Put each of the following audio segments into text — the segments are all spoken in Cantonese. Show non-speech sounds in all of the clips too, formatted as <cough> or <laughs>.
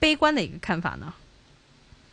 悲觀嘅看法啊，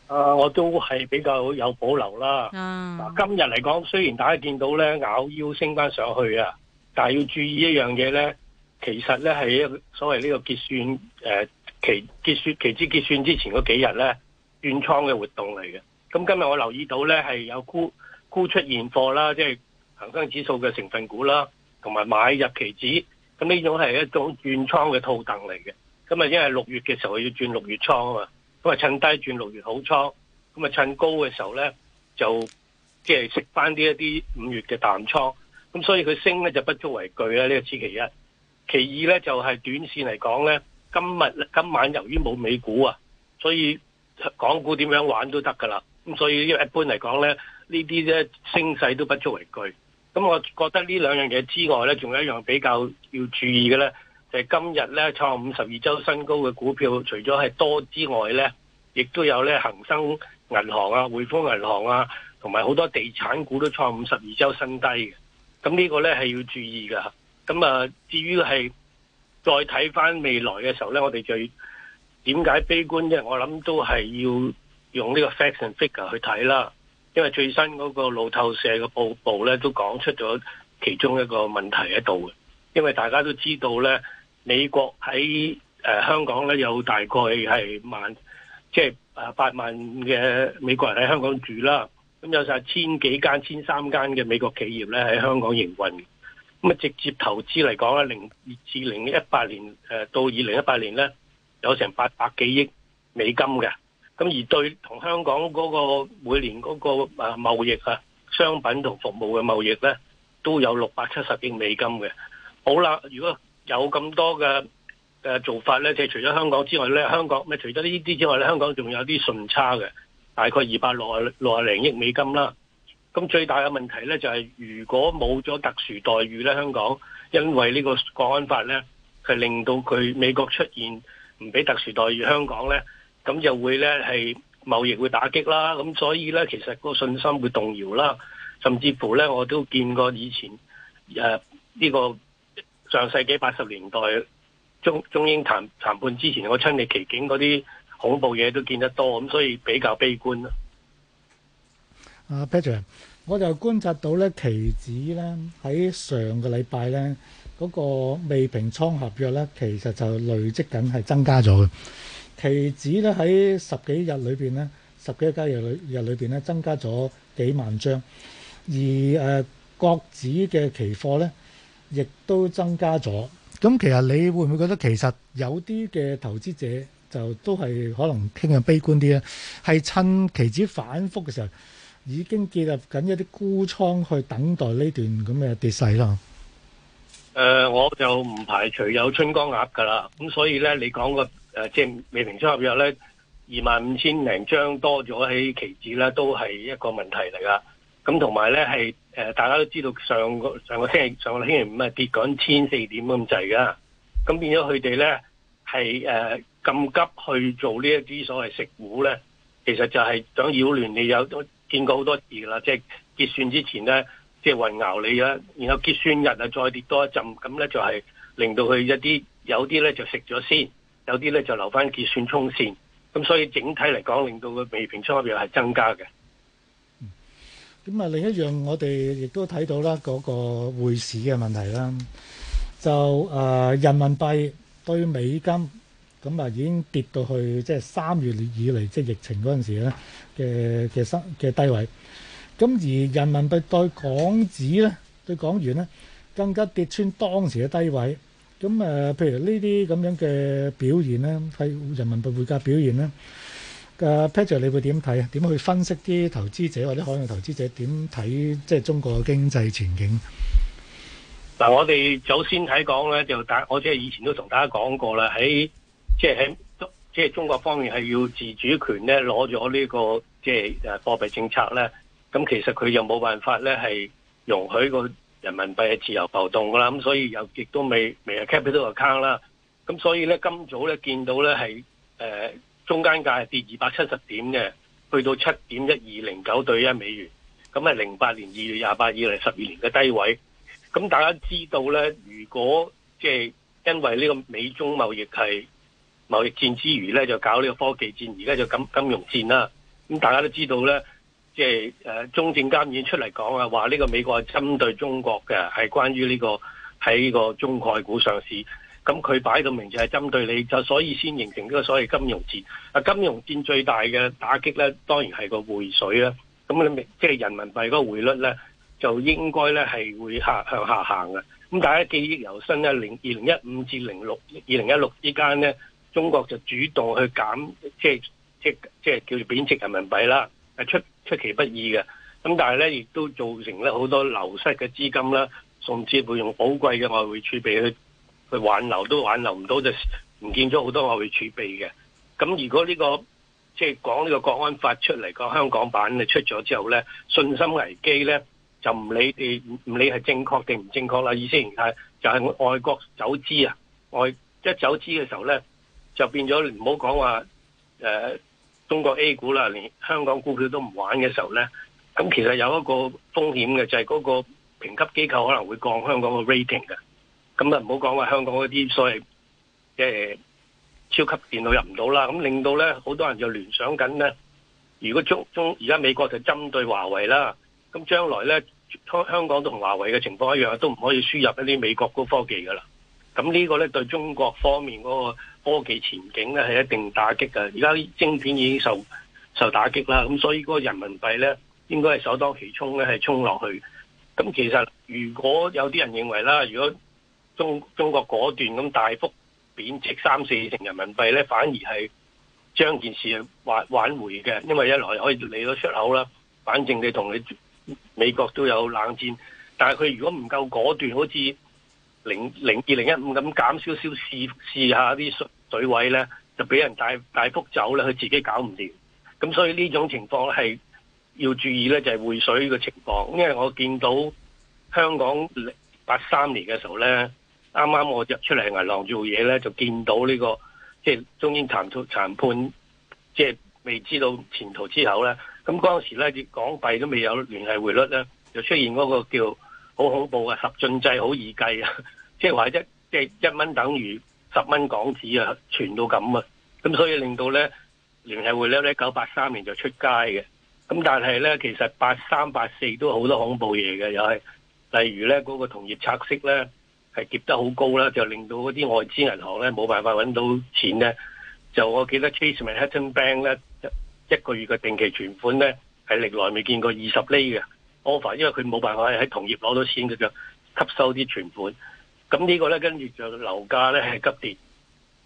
誒、啊，我都係比較有保留啦。嗯、啊、今日嚟講，雖然大家見到咧咬腰升翻上去啊，但係要注意一樣嘢咧，其實咧係一所謂呢個結算誒期、呃、結算期指結算之前嗰幾日咧轉倉嘅活動嚟嘅。咁今日我留意到咧係有沽沽出現貨啦，即係恒生指數嘅成分股啦，同埋買入期指，咁呢種係一種轉倉嘅套戥嚟嘅。咁啊，因為六月嘅時候要轉六月倉啊嘛，咁啊趁低轉六月好倉，咁啊趁高嘅時候咧就即係食翻啲一啲五月嘅淡倉，咁所以佢升咧就不足為懼啦。呢個此其一，其二咧就係短綫嚟講咧，今日今晚由於冇美股啊，所以港股點樣玩都得噶啦。咁所以一般嚟講咧，呢啲咧升勢都不足為懼。咁我覺得呢兩樣嘢之外咧，仲有一樣比較要注意嘅咧。誒，今日咧創五十二周新高嘅股票，除咗係多之外咧，亦都有咧恒生銀行啊、匯豐銀行啊，同埋好多地產股都創五十二周新低嘅。咁呢個咧係要注意噶。咁啊，至於係再睇翻未來嘅時候咧，我哋最點解悲觀啫？我諗都係要用呢個 facts and figures 去睇啦。因為最新嗰個路透社嘅報告咧，都講出咗其中一個問題喺度嘅。因為大家都知道咧。美國喺誒香港咧有大概係萬，即係誒八萬嘅美國人喺香港住啦，咁有晒千幾間、千三間嘅美國企業咧喺香港營運，咁啊直接投資嚟講咧，零至零一八年到二零一八年咧，有成八百幾億美金嘅。咁而對同香港嗰個每年嗰個誒貿易啊，商品同服務嘅貿易咧，都有六百七十億美金嘅。好啦，如果有咁多嘅嘅做法咧，即係除咗香港之外咧，香港咪除咗呢啲之外咧，香港仲有啲順差嘅，大概二百六啊六零億美金啦。咁最大嘅問題咧就係如果冇咗特殊待遇咧，香港因為呢個國安法咧係令到佢美國出現唔俾特殊待遇香港咧，咁就會咧係貿易會打擊啦。咁所以咧，其實個信心會動搖啦，甚至乎咧我都見過以前誒呢個。上世紀八十年代中中英談談判之前，我親歷其境嗰啲恐怖嘢都見得多，咁所以比較悲觀啦。阿、uh, Patrick，我就觀察到咧期指咧喺上個禮拜咧嗰個未平倉合約咧，其實就累積緊係增加咗嘅。期指咧喺十幾日裏邊咧，十幾一交易日日裏邊咧增加咗幾萬張，而誒國、呃、指嘅期貨咧。亦都增加咗，咁其實你會唔會覺得其實有啲嘅投資者就都係可能傾向悲觀啲咧？係趁期指反覆嘅時候，已經建立緊一啲沽倉去等待呢段咁嘅跌勢啦。誒、呃，我就唔排除有春江鴨噶啦，咁所以咧，你講個誒即係未平出合約咧，二萬五千零張多咗喺期指咧，都係一個問題嚟噶。咁同埋咧，係、呃、大家都知道上個上個星期上個星期五啊，跌緊千四點咁滯噶。咁變咗佢哋咧，係誒咁急去做呢一啲所謂食糊咧，其實就係想擾亂你有都見過好多次啦。即、就、係、是、結算之前咧，即、就、係、是、混淆你啦。然後結算日啊，再跌多一陣，咁咧就係令到佢一啲有啲咧就食咗先，有啲咧就，就留翻結算沖線。咁所以整體嚟講，令到個未平倉量係增加嘅。咁啊，另一樣我哋亦都睇到咧，嗰個匯市嘅問題啦。就誒人民幣對美金咁啊，已經跌到去即係三月以嚟即係疫情嗰陣時咧嘅嘅新嘅低位。咁而人民幣對港紙咧、對港元咧，更加跌穿當時嘅低位。咁誒，譬如呢啲咁樣嘅表現咧，係人民幣匯價表現咧。嘅 Peter，你會點睇啊？點去分析啲投資者或者海外投資者點睇即係中國嘅經濟前景？嗱，我哋首先睇講咧，就大我即係以前都同大家講過啦。喺即係喺即係中國方面係要自主權咧，攞咗呢個即係誒貨幣政策咧。咁其實佢又冇辦法咧，係容許個人民幣係自由浮動噶啦。咁所以又亦都未未有 capital account 啦。咁所以咧，今早咧見到咧係誒。中間價係跌二百七十點嘅，去到七點一二零九對一美元，咁係零八年二月廿八以嚟十二年嘅低位。咁大家知道呢，如果即係因為呢個美中貿易係貿易戰之餘呢，就搞呢個科技戰，而家就咁金融戰啦。咁大家都知道呢，即係誒中證監已經出嚟講啊，話呢個美國係針對中國嘅，係關於呢個喺呢個中概股上市。咁佢擺到明就係針對你，就所以先形成呢個所謂金融戰。啊，金融戰最大嘅打擊咧，當然係個匯水啦。咁你明，即係人民幣嗰個匯率咧，就應該咧係會下向下行嘅。咁大家記憶猶新咧，零二零一五至零六二零一六之間咧，中國就主動去減即係即係即係叫做貶值人民幣啦。出出其不意嘅。咁但係咧，亦都造成咧好多流失嘅資金啦，甚至會用寶貴嘅外匯儲備去。去挽留都挽留唔到，就唔見咗好多外匯儲備嘅。咁如果呢個即係講呢個國安法出嚟，個香港版你出咗之後咧，信心危機咧就唔理哋唔理係正確定唔正確啦。意思係就係外國走資啊，外即係走資嘅時候咧就變咗唔好講話誒，中國 A 股啦，連香港股票都唔玩嘅時候咧，咁其實有一個風險嘅就係嗰個評級機構可能會降香港嘅 rating 嘅。咁啊，唔好講話香港嗰啲所謂嘅、欸、超級電腦入唔到啦，咁令到呢好多人就聯想緊呢，如果中中而家美國就針對華為啦，咁將來呢，香港都同華為嘅情況一樣，都唔可以輸入一啲美國高科技噶啦。咁呢個呢對中國方面嗰個科技前景呢係一定打擊嘅。而家晶片已經受受打擊啦，咁所以嗰人民幣呢應該係首當其衝呢係衝落去。咁其實如果有啲人認為啦，如果中中國果斷咁大幅貶值三四成人民幣呢，反而係將件事挽挽回嘅，因為一來可以利到出口啦，反正你同你美國都有冷戰，但係佢如果唔夠果斷，好似零零二零一五咁減少少試試下啲水位呢，就俾人大大幅走呢，佢自己搞唔掂。咁所以呢種情況係要注意呢，就係、是、匯水嘅情況，因為我見到香港八三年嘅時候呢。啱啱我入出嚟銀行做嘢咧，就見到呢、這個即係、就是、中英談判談判，即係、就是、未知道前途之後咧，咁嗰時時咧，港幣都未有聯繫匯率咧，就出現嗰個叫好恐怖嘅十進制，好易計啊！即係話一即係、就是、一蚊等於十蚊港紙啊，全到咁啊！咁所以令到咧聯繫匯率咧九八三年就出街嘅。咁但係咧，其實八三八四都好多恐怖嘢嘅，又係、就是、例如咧嗰、那個同業拆息咧。係劫得好高啦，就令到嗰啲外資銀行咧冇辦法揾到錢咧。就我記得 Chase Manhattan Bank 咧，一一個月嘅定期存款咧係歷來未見過二十厘嘅 offer，因為佢冇辦法喺同業攞到錢，佢就吸收啲存款。咁呢個咧跟住就樓價咧係急跌。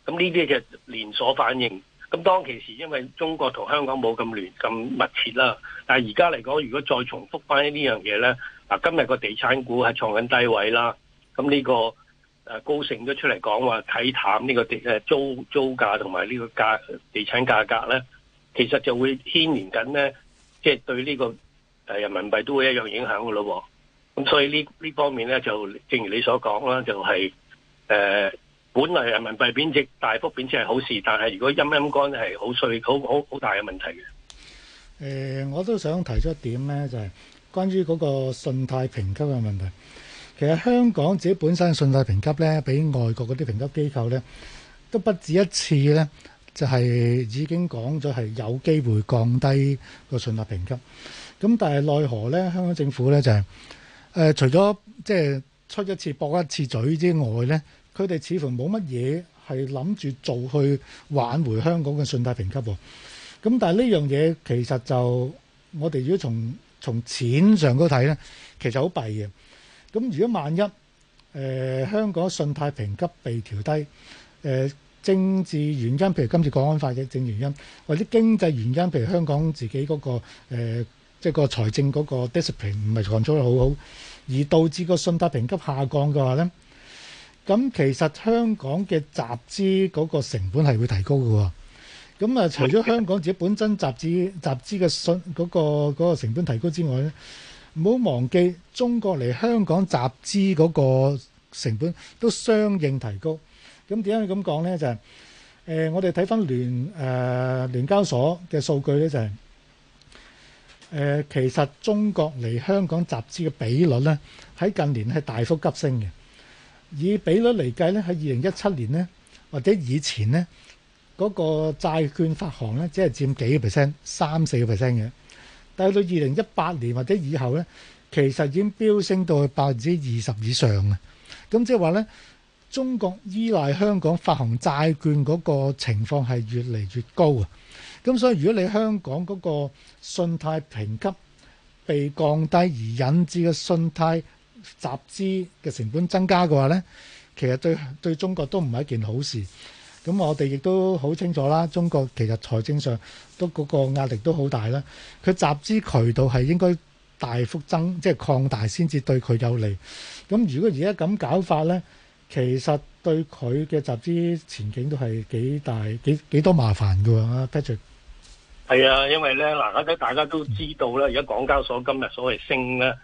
咁呢啲嘅連鎖反應。咁當其時因為中國同香港冇咁聯咁密切啦，但係而家嚟講，如果再重複翻呢樣嘢咧，嗱今日個地產股係創緊低位啦。咁呢個誒高盛都出嚟講話睇淡呢個地誒租租價同埋呢個價地產價格咧，其實就會牽連緊咧，即係對呢個誒人民幣都會一樣影響嘅咯。咁所以呢呢方面咧就正如你所講啦，就係誒本來人民幣貶值大幅貶值係好事，但係如果陰陰乾係好衰好好好大嘅問題嘅。誒，我都想提出一點咧，就係關於嗰個信貸評級嘅問題。其實香港自己本身嘅信貸評級咧，畀外國嗰啲評級機構咧都不止一次咧，就係、是、已經講咗係有機會降低個信貸評級。咁但係奈何咧，香港政府咧就係、是、誒、呃、除咗即係出一次駁一次嘴之外咧，佢哋似乎冇乜嘢係諗住做去挽回香港嘅信貸評級。咁、嗯、但係呢樣嘢其實就我哋如果從從錢上高睇咧，其實好弊嘅。咁如果萬一、呃、香港信貸評級被調低、呃，政治原因，譬如今次《國安法》嘅政原因，或者經濟原因，譬如香港自己嗰、那個即係、呃就是、個財政嗰個 discipline 唔係運作得好好，而導致個信貸評級下降嘅話咧，咁其實香港嘅集資嗰個成本係會提高嘅喎。咁啊，除咗香港自己本身集資集資嘅信嗰、那個、那個成本提高之外咧。唔好忘記，中國嚟香港集資嗰個成本都相應提高。咁點解要咁講咧？就係、係、誒、呃，我哋睇翻聯誒聯交所嘅數據咧、就係，就係誒，其實中國嚟香港集資嘅比率咧，喺近年係大幅急升嘅。以比率嚟計咧，喺二零一七年咧，或者以前咧，嗰、嗰個債券發行咧，只係佔幾個 percent，三四個 percent 嘅。但係到二零一八年或者以後咧，其實已經飆升到去百分之二十以上嘅。咁即係話咧，中國依賴香港發行債券嗰個情況係越嚟越高啊。咁所以如果你香港嗰個信貸評級被降低而引致嘅信貸集資嘅成本增加嘅話咧，其實對對中國都唔係一件好事。咁我哋亦都好清楚啦，中國其實財政上都嗰個壓力都好大啦。佢集資渠道係應該大幅增，即係擴大先至對佢有利。咁如果而家咁搞法咧，其實對佢嘅集資前景都係幾大、幾幾多麻煩嘅喎。Patrick 係啊，因為咧嗱，大家都知道啦，而家港交所今日所謂升咧，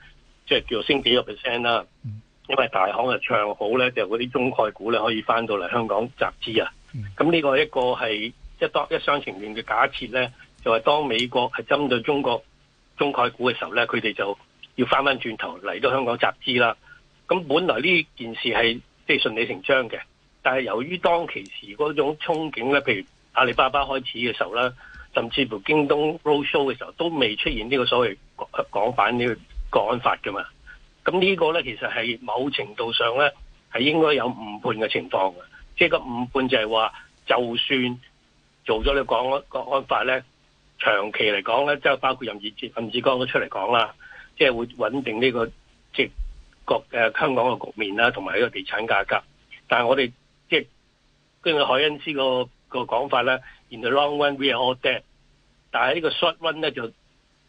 即係叫做升幾個 percent 啦、啊嗯。因為大行啊唱好咧，就嗰啲中概股咧可以翻到嚟香港集資啊。咁、嗯、呢個一個係一廂情願嘅假設咧，就係、是、當美國係針對中國中概股嘅時候咧，佢哋就要翻返轉頭嚟到香港集資啦。咁本來呢件事係即係順理成章嘅，但係由於當其時嗰種憧憬咧，譬如阿里巴巴開始嘅時候啦，甚至乎京東 roadshow 嘅時候都未出現呢個所謂港版呢個《國安法》噶嘛。咁呢個咧其實係某程度上咧係應該有誤判嘅情況嘅。即係個五判就係、是、話，就算做咗你港版國安法咧，長期嚟講咧，即係包括任志任志剛都出嚟講啦，即、就、係、是、會穩定呢、這個即係、就是啊、香港嘅局面啦，同埋呢個地產價格。但係我哋即係根據海恩斯的、那個講法咧，In the long run we are all dead，但係呢個 short run 咧就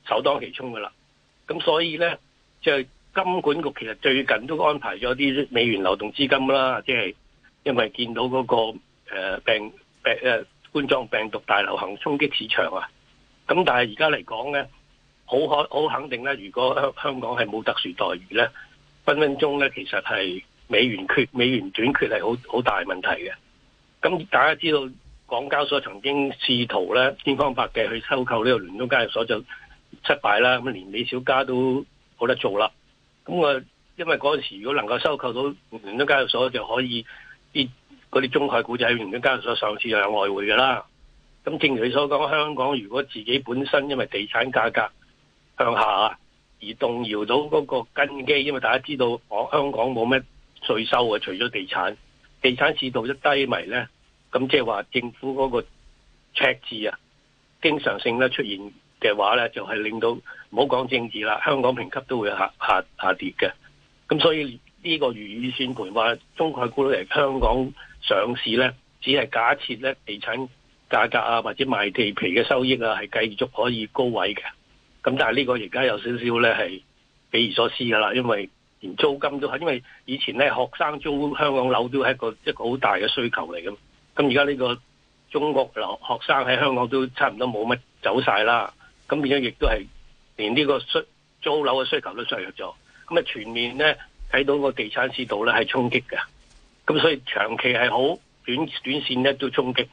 首當其衝噶啦。咁所以咧，即、就、係、是、金管局其實最近都安排咗啲美元流動資金啦，即係。因為見到嗰個誒病病誒冠狀病毒大流行衝擊市場啊，咁但係而家嚟講咧，好可好肯定咧，如果香香港係冇特殊待遇咧，分分鐘咧其實係美元缺美元短缺係好好大問題嘅。咁大家知道港交所曾經試圖咧千方百計去收購呢個倫敦交易所就失敗啦，咁連李小加都冇得做啦。咁我因為嗰陣時如果能夠收購到倫敦交易所就可以。嗰啲中概股就喺聯交所上次又有外匯噶啦，咁正如你所講，香港如果自己本身因為地產價格向下而動搖到嗰個根基，因為大家知道我香港冇咩稅收啊，除咗地產，地產市道一低迷咧，咁即係話政府嗰個赤字啊，經常性咧出現嘅話咧，就係令到唔好講政治啦，香港評級都會下下下跌嘅。咁所以呢個如意算盤話中概股都嚟香港。上市咧，只係假設咧，地產價格啊，或者賣地皮嘅收益啊，係繼續可以高位嘅。咁但係呢個而家有少少咧係匪夷所思噶啦，因為連租金都係，因為以前咧學生租香港樓都係一個、就係、一個好大嘅需求嚟嘅。咁而家呢個中國留學生喺香港都差唔多冇乜走晒啦。咁變咗亦都係連呢個需租、租樓嘅需求都削弱咗。咁啊全面咧睇到個地產市道咧係衝擊嘅。咁所以長期係好短短線咧都衝擊，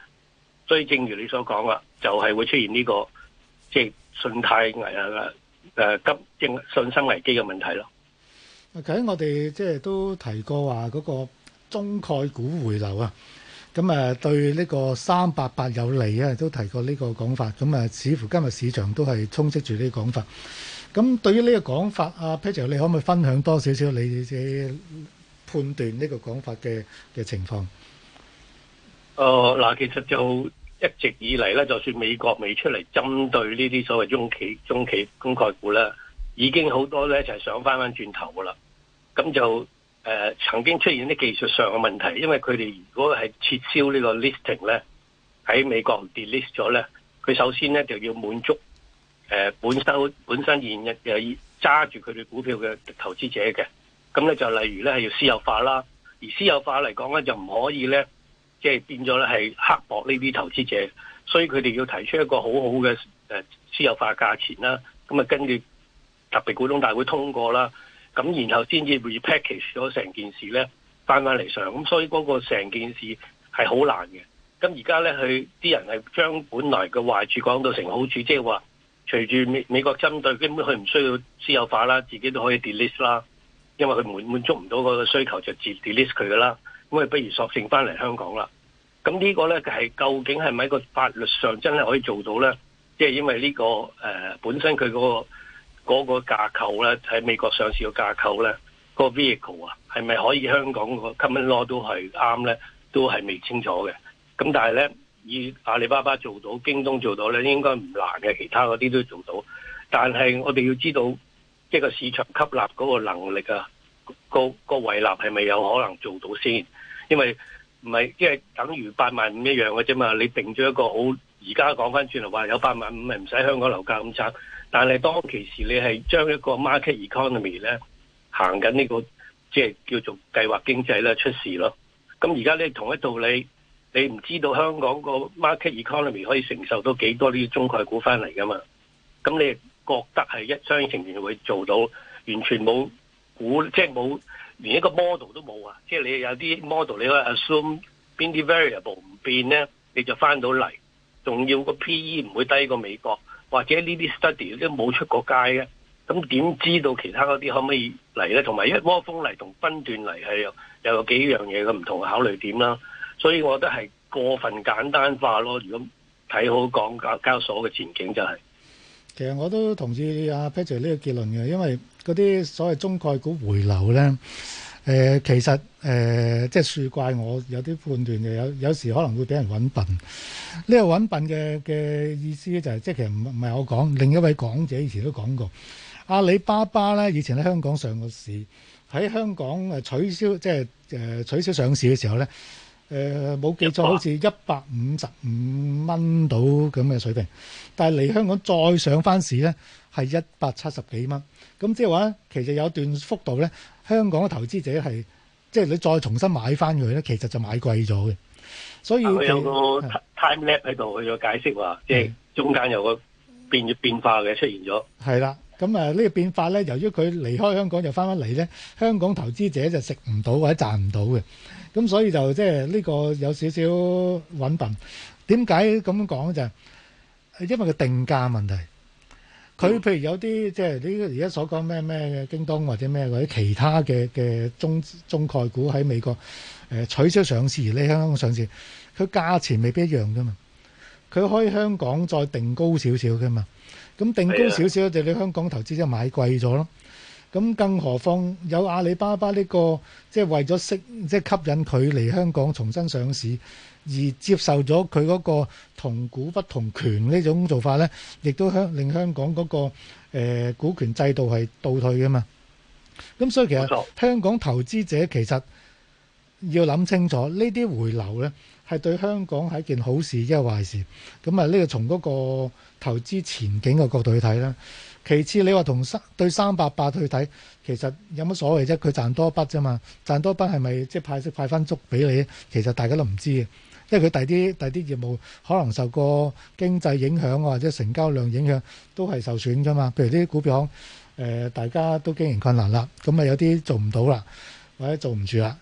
所以正如你所講啦，就係、是、會出現呢、這個即係、就是、信貸危誒、啊、急應信心危機嘅問題咯。啊，頭先我哋即係都提過話、啊、嗰、那個中概股回流啊，咁誒、啊、對呢個三八八有利啊，都提過呢個講法，咁、啊、似乎今日市場都係充斥住呢個講法。咁對於呢個講法，阿、啊、Peter 你可唔可以分享多少少你嘅？判斷呢個講法嘅嘅情況。誒、哦、嗱，其實就一直以嚟咧，就算美國未出嚟針對呢啲所謂中企、中企、中企、中概股咧，已經好多咧就係、是、想翻返轉頭噶啦。咁就誒、呃、曾經出現啲技術上嘅問題，因為佢哋如果係撤銷呢個 listing 咧，喺美國 delist 咗咧，佢首先咧就要滿足誒、呃、本身本身現日嘅揸住佢哋股票嘅投資者嘅。咁咧就例如咧係要私有化啦，而私有化嚟講咧就唔可以咧，即、就、係、是、變咗咧係刻薄呢啲投資者，所以佢哋要提出一個好好嘅私有化價錢啦，咁啊跟住特別股東大會通過啦，咁然後先至 repackage 咗成件事咧翻返嚟上，咁所以嗰個成件事係好難嘅。咁而家咧佢啲人係將本來嘅壞處講到成好處，即係話隨住美美國針對，根本佢唔需要私有化啦，自己都可以 de-list 啦。因為佢滿滿足唔到嗰個需求就 delete 佢噶啦，咁佢不如索性翻嚟香港啦。咁呢個咧係究竟係咪個法律上真係可以做到咧？即係因為呢個誒本身佢嗰個嗰個架構咧喺美國上市嘅架構咧，個 vehicle 啊係咪可以香港個 common law 都係啱咧？都係未清楚嘅。咁但係咧以阿里巴巴做到，京東做到咧，應該唔難嘅。其他嗰啲都做到，但係我哋要知道。即個個市場吸納嗰個能力啊，個個位納係咪有可能做到先？因為唔係即係等於八萬五一樣嘅啫嘛。你定咗一個好，而家講翻轉嚟話有八萬五，咪唔使香港樓價咁慘。但係當其時你係將一個 market economy 咧行緊、這、呢個即係叫做計劃經濟咧出事咯。咁而家你同一道理，你唔知道香港個 market economy 可以承受到幾多呢啲中概股翻嚟噶嘛？咁你，覺得係一廂情願會做到，完全冇估，即係冇連一個 model 都冇啊！即係你有啲 model，你可以 assume 邊啲 variable 唔變咧，你就翻到嚟，仲要個 PE 唔會低過美國，或者呢啲 study 都冇出過街嘅，咁點知道其他嗰啲可唔可以嚟咧？同埋一窩蜂嚟同分段嚟係有幾樣嘢嘅唔同考慮點啦，所以我覺得係過分簡單化咯。如果睇好港交所嘅前景，就係，就係。其實我都同意阿、啊、Patrick 呢個結論嘅，因為嗰啲所謂中概股回流咧，誒、呃、其實誒、呃、即係樹怪，我有啲判斷嘅。有有時可能會俾人揾笨。呢、這個揾笨嘅嘅意思就係、是、即係其實唔唔係我講，另一位講者以前都講過阿里巴巴咧，以前喺香港上個市喺香港誒取消即係誒、呃、取消上市嘅時候咧。誒、呃、冇記錯，好似一百五十五蚊到咁嘅水平，但係嚟香港再上翻市咧，係一百七十幾蚊。咁即係話，其實有段幅度咧，香港嘅投資者係即係你再重新買翻佢咧，其實就買貴咗嘅。所以我有個 time lap 喺度佢咗解釋話，即係中間有個變變化嘅出現咗。係啦，咁啊呢個變化咧，由於佢離開香港就翻翻嚟咧，香港投資者就食唔到或者賺唔到嘅。咁所以就即係呢個有少少揾笨。點解咁講就係、是，因為個定價問題。佢譬如有啲即係呢而家所講咩咩嘅京東或者咩或者其他嘅嘅中中概股喺美國誒取消上市，你香港上市，佢價錢未必一樣噶嘛。佢可以香港再定高少少噶嘛。咁定高少少就你香港投資者買貴咗咯。咁更何況有阿里巴巴呢個，即係為咗吸，即係吸引佢嚟香港重新上市，而接受咗佢嗰個同股不同權呢種做法呢，亦都香令香港嗰個股權制度係倒退㗎嘛。咁所以其實香港投資者其實要諗清楚呢啲回流呢係對香港係件好事，一係壞事。咁啊，呢個從嗰個投資前景嘅角度去睇呢。其次，你話同三對三百八,八去睇，其實有乜所謂啫？佢賺多一筆啫嘛，賺多一筆係咪即係派息派翻足俾你？其實大家都唔知嘅，因為佢第啲第啲業務可能受個經濟影響或者成交量影響都係受損㗎嘛。譬如啲股票行誒、呃，大家都經營困難啦，咁咪有啲做唔到啦，或者做唔住啦。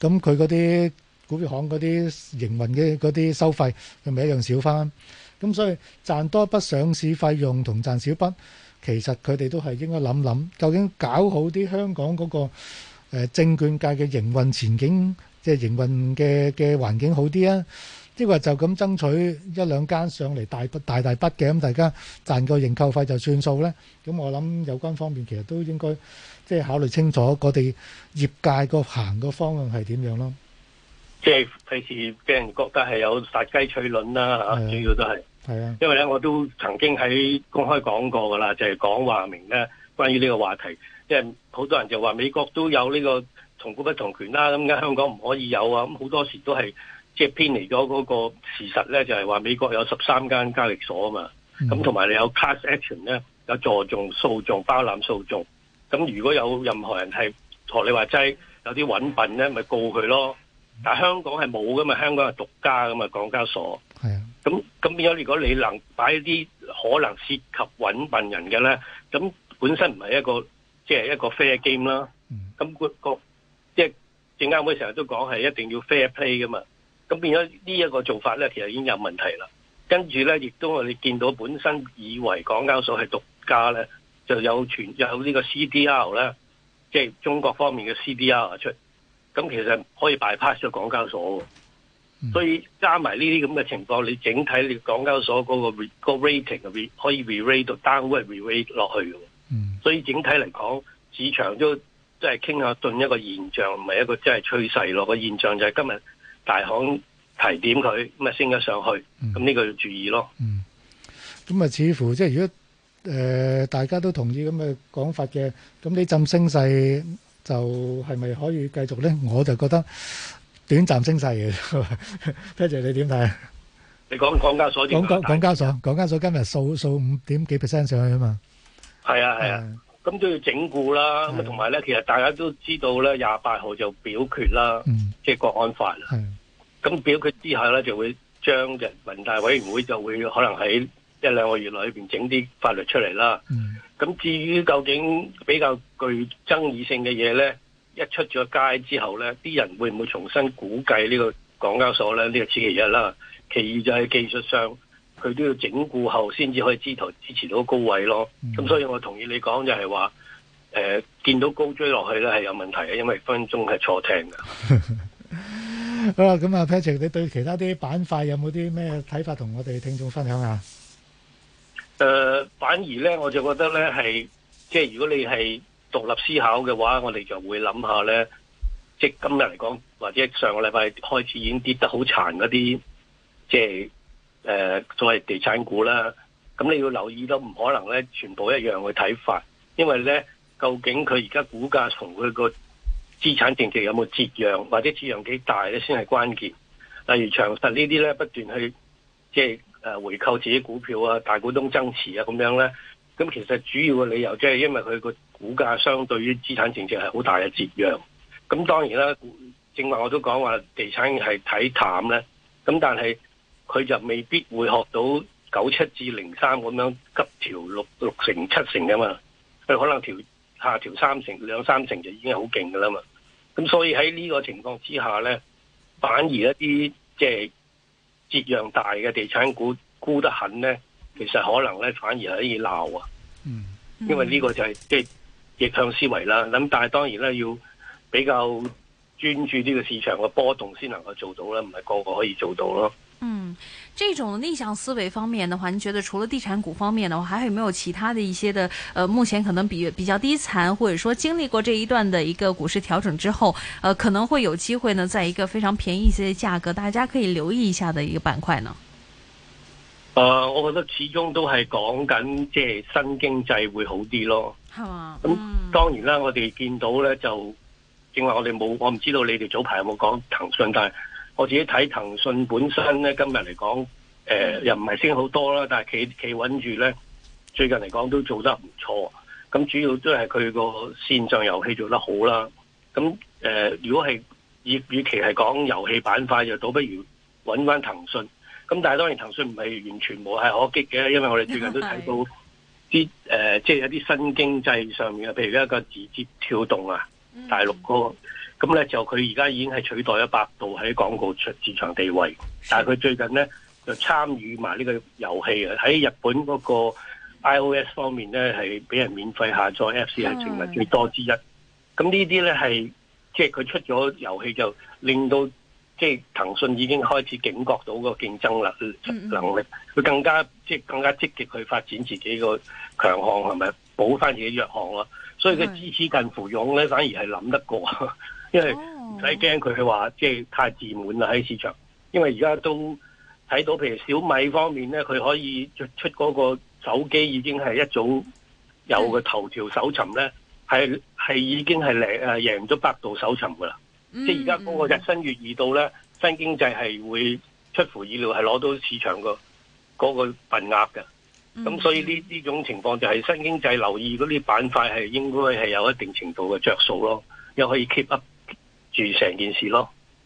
咁佢嗰啲股票行嗰啲營運嘅嗰啲收費，咪一樣少翻。咁所以賺多一筆上市費用同賺少筆。其實佢哋都係應該諗諗，究竟搞好啲香港嗰個誒證券界嘅營運前景，即係營運嘅嘅環境好啲啊，即係話就咁爭取一兩間上嚟大大大筆嘅，咁大家賺個認購費就算數咧。咁我諗有關方面其實都應該即係考慮清楚，我哋業界個行個方向係點樣咯？即係費事俾人覺得係有殺雞取卵啦嚇，主要都係。係啊，因為咧我都曾經喺公開講過噶啦，就係、是、講話明咧關於呢個話題，即係好多人就話美國都有呢個同股不同權啦、啊，咁、嗯、香港唔可以有啊，咁、嗯、好多時都係即係偏離咗嗰個事實咧，就係、是、話美國有十三間交易所啊嘛，咁同埋你有 class action 咧，有助重訴訟包攬訴訟，咁、嗯、如果有任何人係同你話齋有啲揾笨咧，咪告佢咯，但香港係冇噶嘛，香港係獨家噶嘛，港交所。咁咁變咗，如果你能擺一啲可能涉及揾笨人嘅咧，咁本身唔係一個即係、就是、一個 fair game 啦。咁個即係證監會成日都講係一定要 fair play 噶嘛。咁變咗呢一個做法咧，其實已經有問題啦。跟住咧，亦都我哋見到本身以為港交所係獨家咧，就有傳有呢個 CDR 咧，即、就、係、是、中國方面嘅 CDR 出，咁其實可以 bypass 咗港交所。嗯、所以加埋呢啲咁嘅情況，你整體你港交所嗰個，個 rating 可以 re-rate 到 downward re-rate 落去嘅。嗯，所以整體嚟講，市場都即係傾向進一個現象，唔係一個即係趨勢咯。個現象就係今日大行提點佢，咁啊升咗上去。咁呢個要注意咯。嗯。咁、嗯、啊，似乎即係如果大家都同意咁嘅講法嘅，咁呢浸升勢就係咪可以繼續咧？我就覺得。短暫升晒嘅多 e 你點睇？你講講交所點？講廣廣交所，講交所，所今日掃掃五點幾 percent 上去啊嘛。係啊係啊，咁、啊啊、都要整固啦。咁同埋咧，其實大家都知道咧，廿八號就表決啦，即、嗯、係、就是、國安法啦。咁、啊、表決之後咧，就會將人民大委員會就會可能喺一兩個月裏邊整啲法律出嚟啦。咁、嗯、至於究竟比較具爭議性嘅嘢咧？一出咗街之後呢，啲人會唔會重新估計呢個港交所呢？呢、呢個此其一啦，其二就係技術上，佢都要整固後先至可以支支持到高位咯。咁、嗯、所以我同意你講，就係話誒，見到高追落去呢係有問題嘅，因為分鐘係錯聽㗎。 <laughs> 好啦，咁啊 Patrick，你對其他啲板塊有冇啲咩睇法同我哋聽眾分享下。誒、呃，反而呢，我就覺得呢係即係如果你係。獨立思考嘅話，我哋就會諗下咧，即今日嚟講，或者上個禮拜開始已經跌得好殘嗰啲，即係誒所謂地產股啦。咁你要留意到，唔可能咧全部一樣去睇法，因為咧究竟佢而家股價同佢個資產淨值有冇折讓，或者折讓幾大咧，先係關鍵。例如長實呢啲咧不斷去即係、呃、回購自己股票啊，大股東增持啊咁樣咧。咁其實主要嘅理由，即係因為佢個股價相對於資產淨值係好大嘅折讓。咁當然啦，正話我都講話地產係睇淡咧。咁但係佢就未必會學到九七至零三咁樣急調六六成七成吖嘛。佢可能調下調三成兩三成就已經好勁㗎啦嘛。咁所以喺呢個情況之下咧，反而一啲即係折讓大嘅地產股沽得狠咧。其實可能咧，反而可以鬧啊。嗯，因為呢個就係即逆向思維啦。咁但係當然咧，要比較專注呢個市場嘅波動先能夠做到啦，唔係個個可以做到咯。嗯，這種逆向思維方面嘅話，你覺得除了地產股方面呢，我還有沒有其他的一些的？呃，目前可能比比較低殘，或者說經歷過這一段嘅一個股市調整之後，呃，可能會有機會呢，在一個非常便宜一些嘅價格，大家可以留意一下嘅一個板塊呢。誒、uh，我覺得始終都係講緊即係新經濟會好啲咯。係嘛，咁當然啦，我哋見到咧就正話，我哋冇，我唔知道你哋早排有冇講騰訊，但係我自己睇騰訊本身咧，今日嚟講，誒、呃、又唔係升好多啦，但係企企穩住咧，最近嚟講都做得唔錯。咁主要都係佢個線上遊戲做得好啦。咁誒、呃，如果係與其係講遊戲板塊，就倒不如揾翻騰訊。咁但係當然騰訊唔係完全冇懈可擊嘅，因為我哋最近都睇到啲誒即係一啲、呃就是、新經濟上面嘅，譬如一個字節跳動啊，大陸嗰個咁咧就佢而家已經係取代咗百度喺廣告出市場地位。但係佢最近咧就參與埋呢個遊戲啊，喺日本嗰個 iOS 方面咧係俾人免費下載 F C 係成為最最多之一。咁呢啲咧係即係佢出咗遊戲就令到。即係騰訊已經開始警覺到個競爭力能力，佢更加即係、就是、更加積極去發展自己個強項，係咪補翻自己弱項咯？所以知恥近乎勇咧，反而係諗得過，因為唔使驚佢話即係太自滿啦喺市場，因為而家都睇到譬如小米方面咧，佢可以出出嗰個手機已經係一早有嘅頭條搜尋咧，係係已經係贏誒贏咗百度搜尋噶啦。即係而家個個日新月異到咧，新經濟係會出乎意料係攞到市場個嗰個份額嘅。咁所以呢呢種情況就係新經濟留意啲板塊係應該係有一定程度嘅著數咯，又可以 keep up 住成件事咯。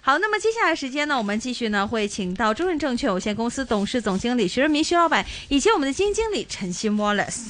好，那麼接下來時間呢，我們繼續呢，會請到中潤證券有限公司董事總經理施仁醒施老闆，以及我們的基金經理陳新 Wallace。